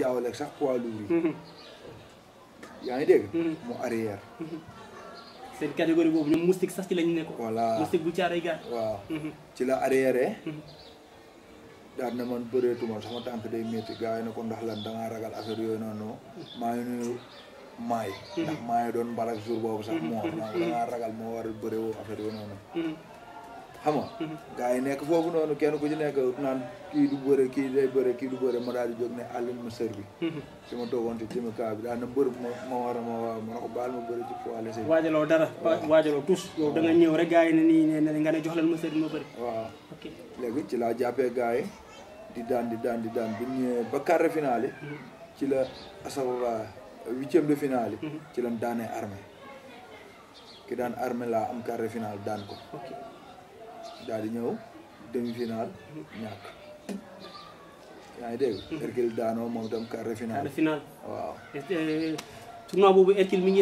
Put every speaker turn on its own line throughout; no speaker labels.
jaawale sax poids lourd yi hmm. yaa ngi dégg hmm. mu arrière hmm.
seen catégorie boobu ñoom moustique sax ci lañu nekk voilà waaw ci la arrière daal na man bëreetuma sama tànk day de gars yi ne kon dax lan da ngaa ragal affaire yooyu noonu maa ngi nuyu doon mbarak jour boobu sax moo da ngaa ragal moo war a bëree yooyu noonu xam nga gars yi nekk foofu noonu kenn ku ci nekk naan kii du bëre kii day bëre kii du bëre ma daal di jóg ne àllin ma sër bi si ma toogoon ci jëmi bi daal na mbër ma ma war a ma waaw ma ne ko baal ma bëri ci poids léger bi waajaloo dara
waajaloo tous yow ñëw rek gars yi ne nii
ne ne nga ne jox leen ma sër bi ma bëri waaw léegi ci laa jàppee gaa yi di daan di daan di daan bi ñëwee ba quart de finale ci la asabala huitième de finale mhm. ci lañ daanee armée ki daan armée laa am quart de finale daan ko daal di ñëw demi-finale ñàkk yaa ngi dégg. Mm-hmm. Hercule daanoo moom itam
quart de finale. Euh, boobu Hercule mi ngi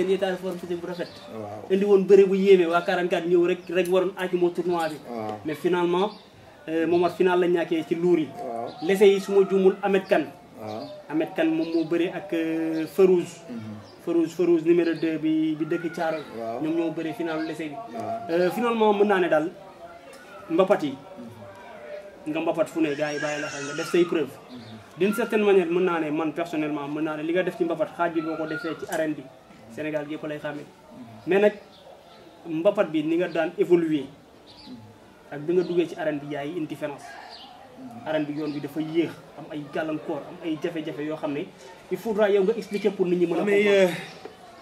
yéen rek rek waroon àcc moo tournoi bi. mais finalement euh, moom ak final la ñàkkee ci luur yi. waaw yi su ma juumul Ahmed Kane. waaw Ahmed moom moo bëri ak Farouz. Farouz Farouz numéro 2 bi dëkk Thiaroye. waaw ñoom ñoo bëri final lese bi. Euh, naa ne daal. mbapati nga mbapat fune gaay gars la xel nga def say preuve mhm. d'une certaine manière mën na ne man personnellement mën na né li nga def ci mbapat xaaj boko boo ci arène bi Sénégal gépp lay xamé mhm. mais nak mbapat bi ni nga daan évoluer mhm. ak bi nga duggé ci arène bi yaay une différence arène bi yoon bi dafa yéx am ay gàllankoor am ay jafé jafé yo xamné il faudra yow nga expliquer pour nit ñi mëna a mais euh,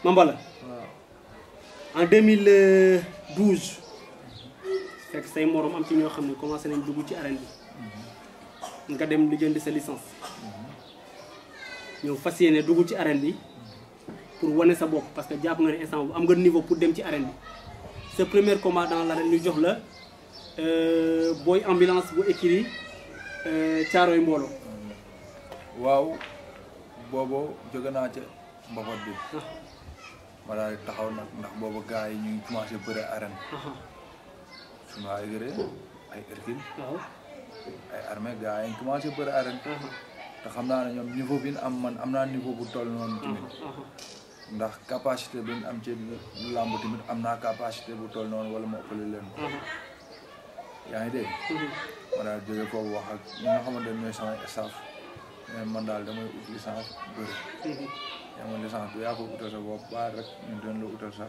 Mambala en 2012 fekk say morom am ci ñoo xam ne commencé nañ dugg ci arène bi nga dem lijjanti sa licence ñëw fas yéene dugg ci arène bi pour wane sa bopp parce que jàpp nga ne instant bu am nga niveau pour dem ci arène bi sa premier combat dans l'arène ñu jox la euh, booy ambulance bu écrit
euh, caaroy mbooloo waaw boobu jóge naa ca mbapat bi ah. ma daal taxaw nag ndax boobu gars yi ñu commencé bëre arène ah. suñu ay yére ay Hercule ay armée gars yi commencé bëri arène te xam naa ne ñoom niveau bi am man am naa niveau bu tol noonu tamit ndax capacité bi am ci làmb tamit am naa capacité bu toll noon wala ma ëppale leen ko yaa ngi dégg ma daal jóge foofu wax ak ñi nga xamante ne ñooy samay staff man daal damay ut licence bëri yaa ma licence bi yaa ko bopp baa rek ñu doon la utal sa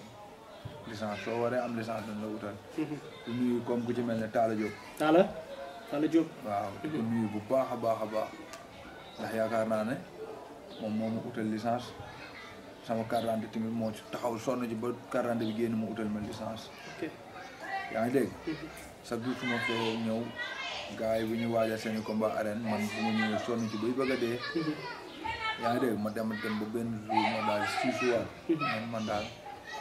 licence soo waree am licence dañ la wutal. Mhm. du kom comme ku ci mel ne Talla Diop. Talla Talla waaw di bu baax a baax a baax ndax yaakaar naa ne moom moo ma utal licence sama carte d'identité tamit moo ci taxaw sonn ci ba carte d'identité bi génn mu utal ma licence. ok yaa ngi dégg. Mhm. chaque jour su ma fee ñëw gars yi bu ñu waajal seen i combat arène man bu ma ñëwee sonn ci buy bëgg a dee. Mhm. yaa ngi ma dem dem ba benn jour ma man man daal.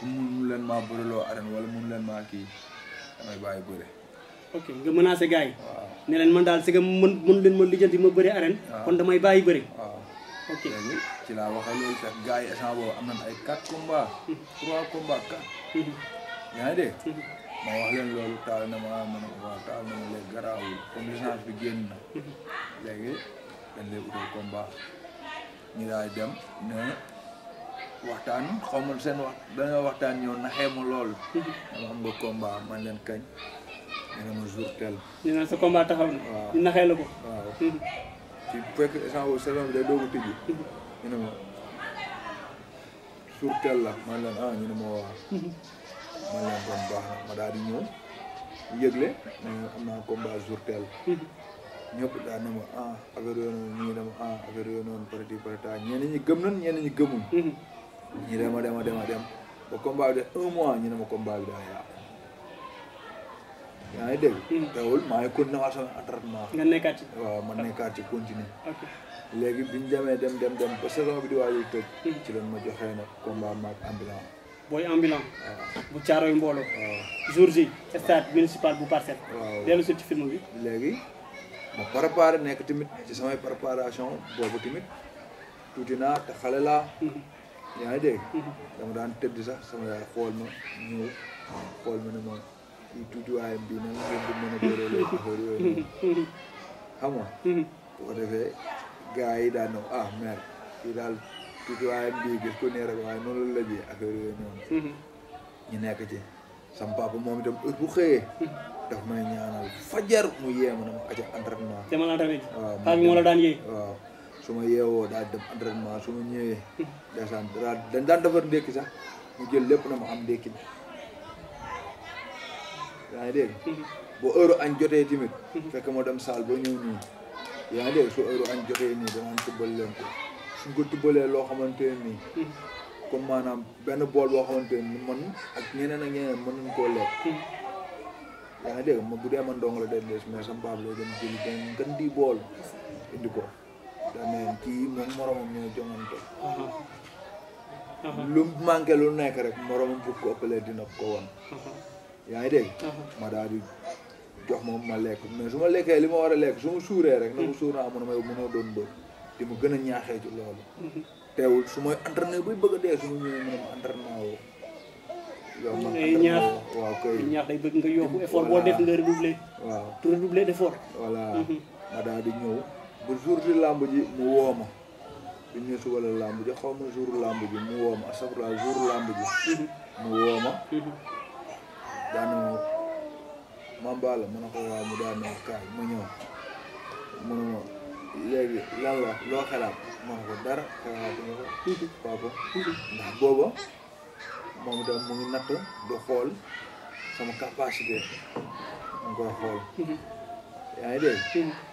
comme mënu leen maa bëreloo arène wala mënu leen maa kii damay bàyyi bëre. ok nga menacé
gars yi. waaw ne leen man daal si nga mën leen ma lijjanti ma bëre arène. kon damay bàyyi bëre. waaw
ok léegi ci laa waxee loolu fekk gars yi échange boobu am nañ ay 4 combats. 3 hmm. combats 4. Hmm. yaa ngi dégg. Hmm. ma wax leen loolu taal na ma ma ne ko waaw taal na ma léegi garaawul comme licence bi génn na. léegi dañ lay utal combat ñu daal dem ne. waxtaan xaw ma seen wax dañoo waxtaan ñëw naxee ma lool. dama am nga combat man leen kañ. ñu ne ma jour tel. ñu ne
sa combat taxaw na. waaw ñu la
a tijji. ñu ne ma jour la man leen ah ma waaw. man leen kon baax na ma daal di ñëw yëgle ne am naa combat jour tel. ñëpp daal ne ma ah affaire yooyu noonu ñii ne ah, ñi gëm nañ ñenn ñi gëmuñ. ñu dem a dema a dem a dem ba combat de un mois ñu ne ma combat bi daa yàqu. yaa ngi dégg. maa ngi continué waat sama entraînement. nga nekkaat ci. waaw ma ah. nekkaat ci léegi bi ñu demee dem dem dem ba saison bi di waajal tëj. Hmm. ci lañ ma joxee nag combat maag ambulance. booy ambulance. waaw bu caaroy mbooloo. waaw jour J municipal bu parcelle. waaw dellu si ci film bi. léegi ma préparé nekk tamit ci samay préparation boobu tamit tuuti naa te xale laa. Hmm. yaa ngi dégg dama daan tëdd sax sama yaay xool ma ñëw xool ma ne ma kii tuutiwaayam bii nag ngeen a bëree léegi affaire yooyu xam nga bu ko defee gars yi daan na ah mer kii daal tuutiwaayam bii gis ko nee waaye noonu la lajee affaire yooyu noonu ñu nekk ci sama papa moom itam heure bu daf may ñaanal fajar mu yéema na ma aca entraînement te man entraîné waaw moo la daan yéey sumayewo oh, da dab entraînement suma ñëwé ndeysaan dañ dan defar ndékki sax mu jël lépp na ma am ndékki bi yaa ngi dégg bu heure añ fekk ma dem saal ba ñëw nii yaa ngi dégg su heure añ jotee nii dama tubbal leen ko suñ ko tubbalee loo xamante nii comme maanaam benn bool boo xamante ni ya, man ak ñeneen ak ñeneen ya, ma bu man dong la mais dem indi ko daa mel kii moom moromam uh-huh. lu manqué lu nekk rek moromam bu ko ëppalee dina ko won uh-huh. yaa ngi dégg uh-huh. ma daal ma lekk mais su ma lekkee li ma war a lekk su ma rek na ko suur naa mën gën a ñaaxee ci loolu teewul su may entraîné buy bëgg a dee su ma ñëwee mën a entraîné woo yow man nga di ñëw bu jour bi làmb ji mu woo ma bi ñu su wala ji xaw ma jour làmb ji mu woo ma asabra jour làmb ji mu woo ma daanu ma mbaala mu ne ko waaw mu daanu kaay ma ñëw mu ne ma loo xalaat ma ne ko dara xalaatuma ko papa ndax booba moom itam mu ngi natt du xool sama capacité mu koy xool yaa ngi dégg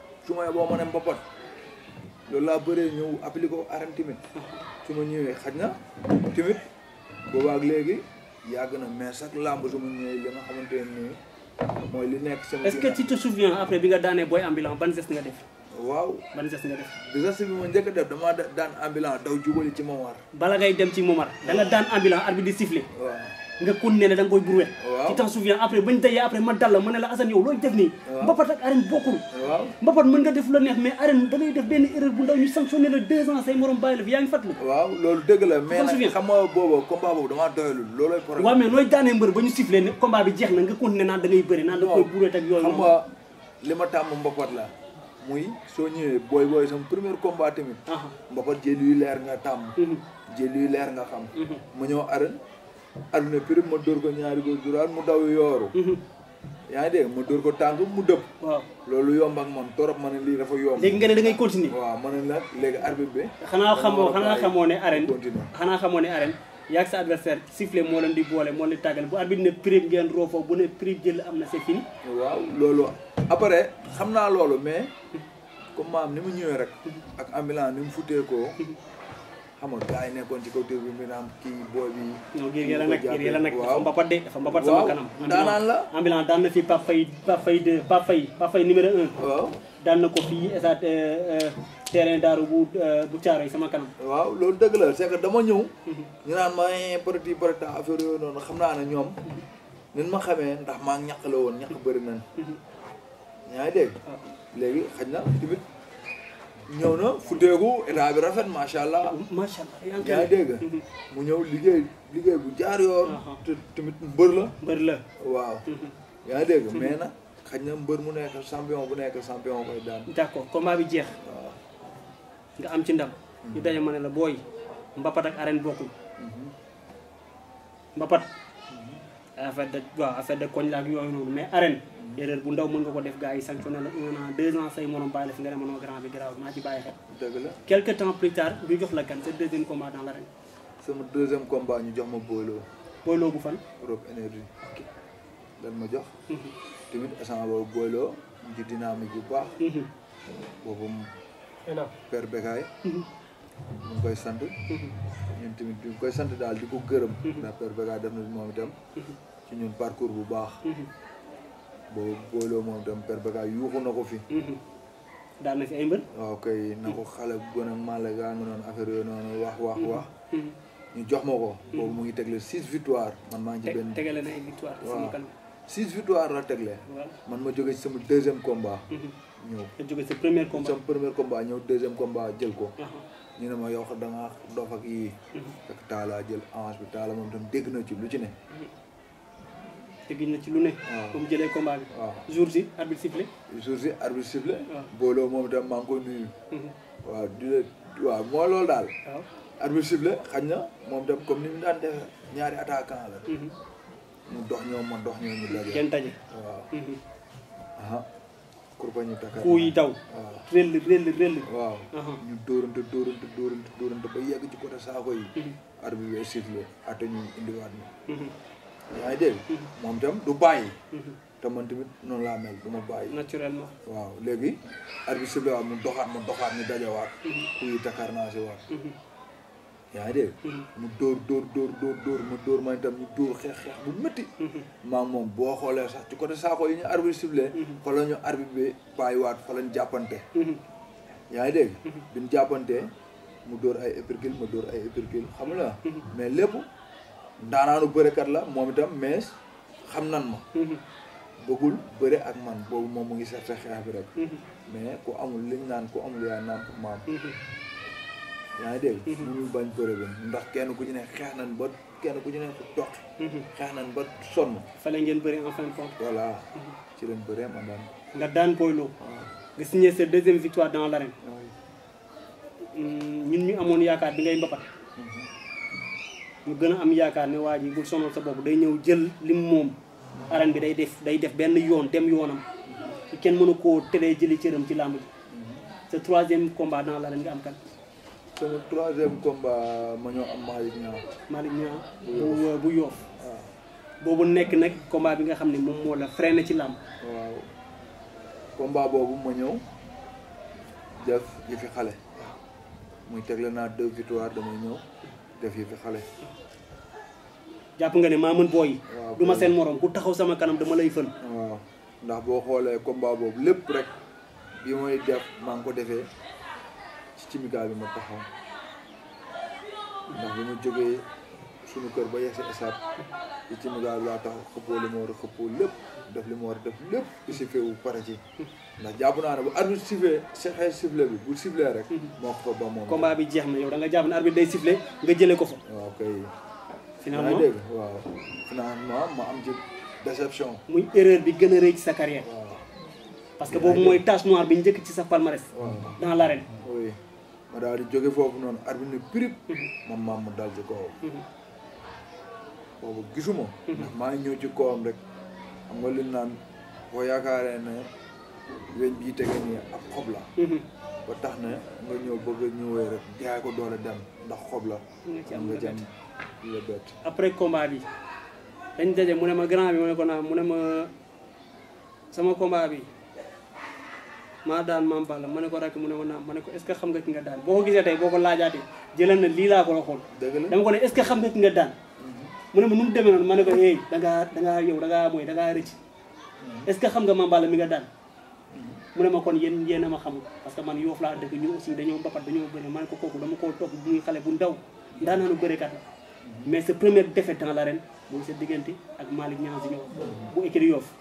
su ma yeboo ma mboppat loolu laa bëree ñëw appliqué ko arène timit su ma ñëwee xaj na timit boobaak léegi yàgg na mais sax làmb su ma ñëwee li nga xamante nii mooy li nekk sama est-ce que tu te
souviens après bi nga daanee booy ambulant ban geste nga def waaw ban geste nga def geste bi ma njëkk a def damaa daan ambulant daw jubali ci Momar bala ngay dem ci Momar da nga daan ambulant arbitre di sifflé nga continuer ne da nga koy brouet ci t'en souviens ya après bañ tayé après ma dal la ma la asan yow loy def ni mbapat ak arène bokul mbapat mën nga def lu neex mais arène da lay def ben erreur bu ndaw ñu sanctionné la 2 ans say morom bayil la fi yaa ngi fàttali
waaw loolu deug la mais ya. nak xam nga bobo combat boobu damaa doyalul loolooy problème wa mais
noy daanee mbeur bañu sifflé ni combat bi jeex na nga continuer na da ngay bëri na da koy brouet
tak yoy xam nga lima tam tàmm mbapat la muy so ñëwee boy boy sam premier combat tamit mbapat jé yu lèr nga tam jé yu lèr nga xam mu mhm. ñoo arène aduna prime ma dóor ko ñaari góor duraat mu daw yooru mhm. yaa ngi dégg ma dóor ko tànk mu dëpp waaw loolu yomb ak man torop ma ne lii dafa yomb léegi nga ne da ngay continuer waaw ma ne nag léegi arbitre bi
xanaa xamoo xanaa xamoo ne arène continuer xanaa xamoo ne sa adversaire sifflet moo leen di boole moo leen di tàggal bu arbitre ne prime
ngeen roofoo bu ne prime jël am na c'est fini waaw loolu après xam naa loolu mais comme maam ni mu ñëwee rek ak ambulance ni mu futteekoo mhm. xam nga gars yi nekkoon ci kaw tur bi mi naan kii booy bi. kii la nag yéen la nag dafa mbapat de dafa mbapat sama kanam. daanaan la
ambulance daan na fi Pape Faye Pape Faye deux Pape Faye Pape Faye numéro un. waaw daan na ko fii stade euh, euh, terrain daaru bu euh, bu Thiaroye sama kanam. waaw loolu dëgg
la c'est que dama ñëw. Mhm. ñu naan ma eh, petit petit affaire yooyu noonu xam naa ne ñoom. Mhm. nin ma xamee ndax maa ngi ñàkk la woon ñàkk bëri nañ. Mhm. yaa ngi dégg. Ah. léegi xaj na tamit. ñëw na futteeku état bi rafet macha allah. macha allah yaa ya, kan? dégg mu ñëw liggéey liggéey bu jaar yoon. te tamit mbër la. mbër la waaw. yaa dégg mais nag xaj na mbër mu nekk kan champion bu nekk kan champion
koy daan. d' accord combat bi jeex. Ah. nga am ci ndam. Mhm. ñu daje ma ne la booy mbapat ak arène bokkul. Mhm. mbapat. Mhm. affaire de waaw affaire de koñ la yooyu noonu mais arène. erreur bu ndaw mën nga ko def gars yi sanctionné la un an deux ans say morom bàyyi la fi nga ne mënoo grand bi bàyyi xel. dëgg la quelque temps plus tard ñu la kan sa deuxième
combat dans l'arène. sama deuxième combat ñu jox ma booloo. booloo bu fan. Europe énergie. ma jox. Mhm. tamit instant boobu booloo mu ci dynamique bu baax. Mhm. boobu mu. père Bekaay. Mhm. ngi koy sant. ñun tamit ñu ngi sant daal di ko gërëm. ndax père Bekaay def na moom parcours bu baax. boo booloo moom tam per bakaay yuuxu na ko fi mhm. daan na fi ay mbër waaw ah, na ko xale gën a malaga nga noonu affaire yooyu noonu wax wax mhm. wax mhm. ñu jox ma ko boobu mu ngi tegle six victoire man maa ngi ci benn tegale na ay victoire six victoire la man ma jóge sama deuxième combat ñëw jóge sa premier combat sama ñëw deuxième combat jël ko ñu ne ma yow danga nga dof ak jël avance bi taala moom tam dégg na ci lu ci ne teggi na ci lu ne. waaw ah. ba mu jëlee combat bi. waaw ah. jour si arbitre sifflé. jour si arbitre sifflé. Ah. booloo moom itam maa nuyu. Mhm. waaw di la waaw moo loolu daal. waaw arbitre sifflé na moom itam comme ni mu daan def ñaari attaquant la. Mhm. mu dox ñoom ma dox ñoom ñu daje. kenn daje waaw. Mhm. ah kurba ñu takka. kuu yi daw. rëll rëll rëll. waaw ñu dóorante dóorante dóorante ba yegg ci côté saako yi. arbitre bi sifflé ñu indiwaat ñu. yaa dégg mhm. moom itam du bàyyi mhm. te man tamit noonu laa mel du ma bàyyi naturellement waaw léegi arbitre bi waaw mu doxaat mu doxaat ñu dajawaat mhm. kuy takar naa si waat yaa dégg mu dóor dóor dóor dóor dóor mu dóor man itam ñu dóor xeex xeex bu métti maa moom boo xoolee sax ci côté saako yi ñu arbitre ciblé fa la ñu arbitre bi bàyyi waat fa la ñu jàppante yaa ngi dégg bi ñu jàppantee mu dóor ay épércule ma dóor ay épércule xam nga mais lépp daanaanu kat la moom itam mais xam nan ma bëggul bëre ak man boobu moom mu ngi serte xeex bi rek mais ku amul liñ naan ku amul yaa nàmp maam yaa ngi dégg mhm. mënul bañ bëre bi ndax kenn ku ci ne xeex nan ba kenn ku ci ne ku toq mhm. xeex nan ba ngeen bëri en fin de compte mhm. ci leen bëree ma daan nga daan Boy Lo ah. nga
signé sa deuxième victoire dans l'arène ah hmm, ñun ñu amoon yaakaar bi ngay mbapat ñu gën a am yaakaar ne waa ji bul sonal sa day ñëw jël lim moom arène bi day def day def benn yoon dem yoonam kenn mënu ko teree jëli cëram ci làmb ji sa troisième combat la l'arène nga am kan
sama troisième combat ma ñoo am Malick Niang Malick Niang bu bu yoof ah.
boobu nekk nag
combat bi nga xam ne moom moo la freiné ci làmb waaw combat boobu ma ñëw def yi fi xale muy tegle naa deux victoires damay ñëw def yi fi xale. jàpp nga ne maa mën booy. waaw ma seen moroom ku taxaw sama kanam dama lay fën. ndax boo xoolee combat boobu lépp rek bi mooy def maa ngi ko defee ci cimikaay bi ma taxaw ndax bi ma jógee. suñu kër ba sa esaat li ci mu gaaw laa tax xëppoo a xëppoo a def lépp bu bi bu sifflé rek moo ko fa ba moom
combat na yow da nga jàpp ne arbitre day
nga jëlee ko fa waaw kay finalement dégg ma am ci déception muy
erreur bi gën a rëy ci
sa carrière parce que boobu mooy
tache noire bi njëkk
ci sa palmarès dans l'arène oui ma daal di jóge foofu noonu arbitre ne prib mhm. ma maam mu dal ci kaw mhm. boobu gisuma ndax maa ngi ñëw ci kawam rek xam nga li naan boo yaakaaree ne weñ bii tege nii ak xob la mhm. ba tax ne nga ñëw bëgg ñëwee rek jaay ko doole dem ndax xob
la am nga jam la bett après combat bi dañ daje mu ne ma grand bi mu ne ko naa mu ne ma sama combat bi maa daan maam Balla ma ne ko rakk mu ne ma naam ma ne ko est ce que xam nga ki nga daan boo ko gisee tey boo ko laajaatee jëlal na lii laa ko waxoon dama ko ne est ce que xam nga ki nga daan mu ne ma nu mu demee noonu ma ne ko hey eh, da ngaa da ngaa yow da ngaa mooy da rëcc hmm. est-ce que xam nga Mame Balla mi nga daan mu ne ma kon yéen yéen a ma xamul parce que man Yoof laa dëkk ñu aussi dañoo mbapat dañoo bëri man ne ko kooku dama ko toog bu muy xale bu ndaw ndaanaanu bëri la hmm. mais sa première défaite dans l'arène mooy sa diggante ak Malick Niang si ñëw bu écrit Yoof